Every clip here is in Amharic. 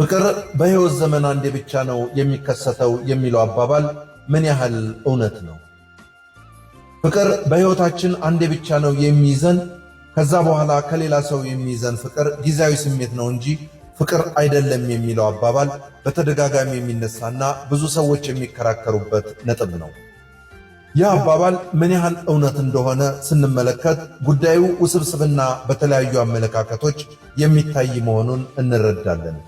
ፍቅር በሕይወት ዘመን አንዴ ብቻ ነው የሚከሰተው የሚለው አባባል ምን ያህል እውነት ነው? ፍቅር በሕይወታችን አንዴ ብቻ ነው የሚይዘን። ከዛ በኋላ ከሌላ ሰው የሚይዘን ፍቅር ጊዜያዊ ስሜት ነው እንጂ ፍቅር አይደለም የሚለው አባባል በተደጋጋሚ የሚነሳና ብዙ ሰዎች የሚከራከሩበት ነጥብ ነው። ይህ አባባል ምን ያህል እውነት እንደሆነ ስንመለከት ጉዳዩ ውስብስብና በተለያዩ አመለካከቶች የሚታይ መሆኑን እንረዳለን።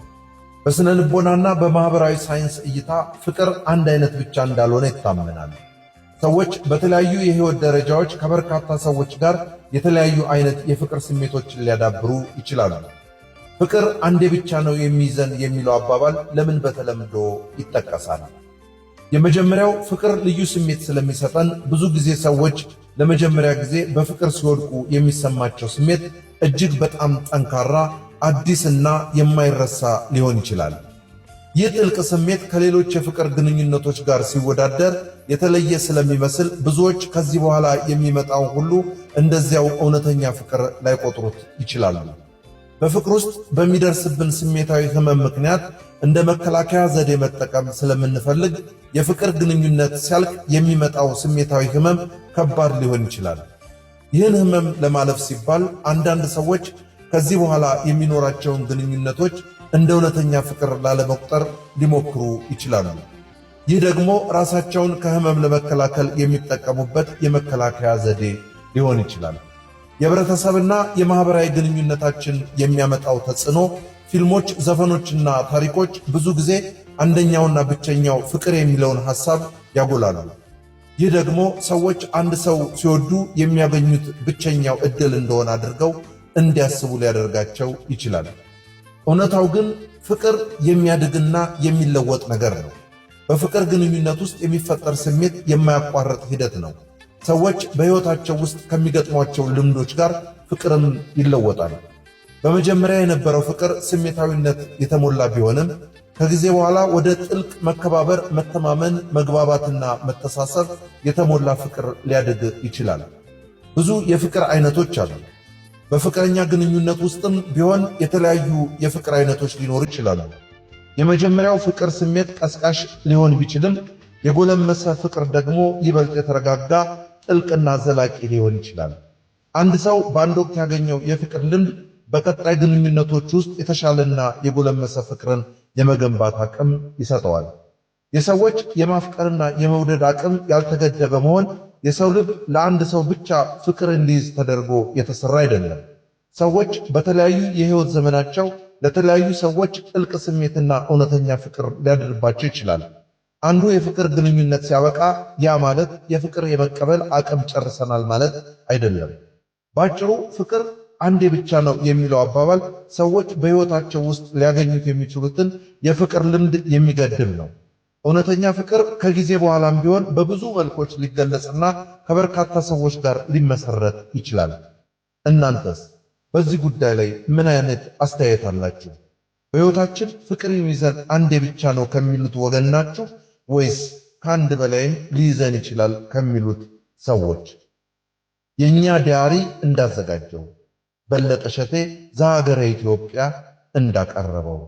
በስነ ልቦናና በማኅበራዊ ሳይንስ እይታ ፍቅር አንድ አይነት ብቻ እንዳልሆነ ይታመናል። ሰዎች በተለያዩ የሕይወት ደረጃዎች ከበርካታ ሰዎች ጋር የተለያዩ አይነት የፍቅር ስሜቶችን ሊያዳብሩ ይችላሉ። ፍቅር አንዴ ብቻ ነው የሚይዘን የሚለው አባባል ለምን በተለምዶ ይጠቀሳል? የመጀመሪያው ፍቅር ልዩ ስሜት ስለሚሰጠን ብዙ ጊዜ ሰዎች ለመጀመሪያ ጊዜ በፍቅር ሲወድቁ የሚሰማቸው ስሜት እጅግ በጣም ጠንካራ አዲስና የማይረሳ ሊሆን ይችላል። ይህ ጥልቅ ስሜት ከሌሎች የፍቅር ግንኙነቶች ጋር ሲወዳደር የተለየ ስለሚመስል ብዙዎች ከዚህ በኋላ የሚመጣው ሁሉ እንደዚያው እውነተኛ ፍቅር ላይቆጥሩት ይችላሉ። በፍቅር ውስጥ በሚደርስብን ስሜታዊ ሕመም ምክንያት እንደ መከላከያ ዘዴ መጠቀም ስለምንፈልግ የፍቅር ግንኙነት ሲያልቅ የሚመጣው ስሜታዊ ሕመም ከባድ ሊሆን ይችላል። ይህን ሕመም ለማለፍ ሲባል አንዳንድ ሰዎች ከዚህ በኋላ የሚኖራቸውን ግንኙነቶች እንደ እውነተኛ ፍቅር ላለመቁጠር ሊሞክሩ ይችላሉ። ይህ ደግሞ ራሳቸውን ከህመም ለመከላከል የሚጠቀሙበት የመከላከያ ዘዴ ሊሆን ይችላል። የህብረተሰብና የማኅበራዊ ግንኙነታችን የሚያመጣው ተጽዕኖ ፊልሞች፣ ዘፈኖችና ታሪኮች ብዙ ጊዜ አንደኛውና ብቸኛው ፍቅር የሚለውን ሐሳብ ያጎላሉ። ይህ ደግሞ ሰዎች አንድ ሰው ሲወዱ የሚያገኙት ብቸኛው ዕድል እንደሆነ አድርገው እንዲያስቡ ሊያደርጋቸው ይችላል። እውነታው ግን ፍቅር የሚያድግና የሚለወጥ ነገር ነው። በፍቅር ግንኙነት ውስጥ የሚፈጠር ስሜት የማያቋርጥ ሂደት ነው። ሰዎች በሕይወታቸው ውስጥ ከሚገጥሟቸው ልምዶች ጋር ፍቅርም ይለወጣል። በመጀመሪያ የነበረው ፍቅር ስሜታዊነት የተሞላ ቢሆንም ከጊዜ በኋላ ወደ ጥልቅ መከባበር፣ መተማመን፣ መግባባትና መተሳሰብ የተሞላ ፍቅር ሊያድግ ይችላል። ብዙ የፍቅር አይነቶች አሉ። በፍቅረኛ ግንኙነት ውስጥም ቢሆን የተለያዩ የፍቅር አይነቶች ሊኖሩ ይችላሉ። የመጀመሪያው ፍቅር ስሜት ቀስቃሽ ሊሆን ቢችልም የጎለመሰ ፍቅር ደግሞ ይበልጥ የተረጋጋ ጥልቅና ዘላቂ ሊሆን ይችላል። አንድ ሰው በአንድ ወቅት ያገኘው የፍቅር ልምድ በቀጣይ ግንኙነቶች ውስጥ የተሻለና የጎለመሰ ፍቅርን የመገንባት አቅም ይሰጠዋል። የሰዎች የማፍቀርና የመውደድ አቅም ያልተገደበ መሆን የሰው ልብ ለአንድ ሰው ብቻ ፍቅር እንዲይዝ ተደርጎ የተሰራ አይደለም። ሰዎች በተለያዩ የህይወት ዘመናቸው ለተለያዩ ሰዎች ጥልቅ ስሜትና እውነተኛ ፍቅር ሊያድርባቸው ይችላል። አንዱ የፍቅር ግንኙነት ሲያበቃ ያ ማለት የፍቅር የመቀበል አቅም ጨርሰናል ማለት አይደለም። ባጭሩ ፍቅር አንዴ ብቻ ነው የሚለው አባባል ሰዎች በህይወታቸው ውስጥ ሊያገኙት የሚችሉትን የፍቅር ልምድ የሚገድብ ነው። እውነተኛ ፍቅር ከጊዜ በኋላም ቢሆን በብዙ መልኮች ሊገለጽና ከበርካታ ሰዎች ጋር ሊመሰረት ይችላል። እናንተስ በዚህ ጉዳይ ላይ ምን አይነት አስተያየት አላችሁ? በሕይወታችን ፍቅር የሚይዘን አንዴ ብቻ ነው ከሚሉት ወገን ናችሁ ወይስ ከአንድ በላይም ሊይዘን ይችላል ከሚሉት ሰዎች? የእኛ ዲያሪ እንዳዘጋጀው በለጠ ሸቴ ዘሀገረ ኢትዮጵያ እንዳቀረበው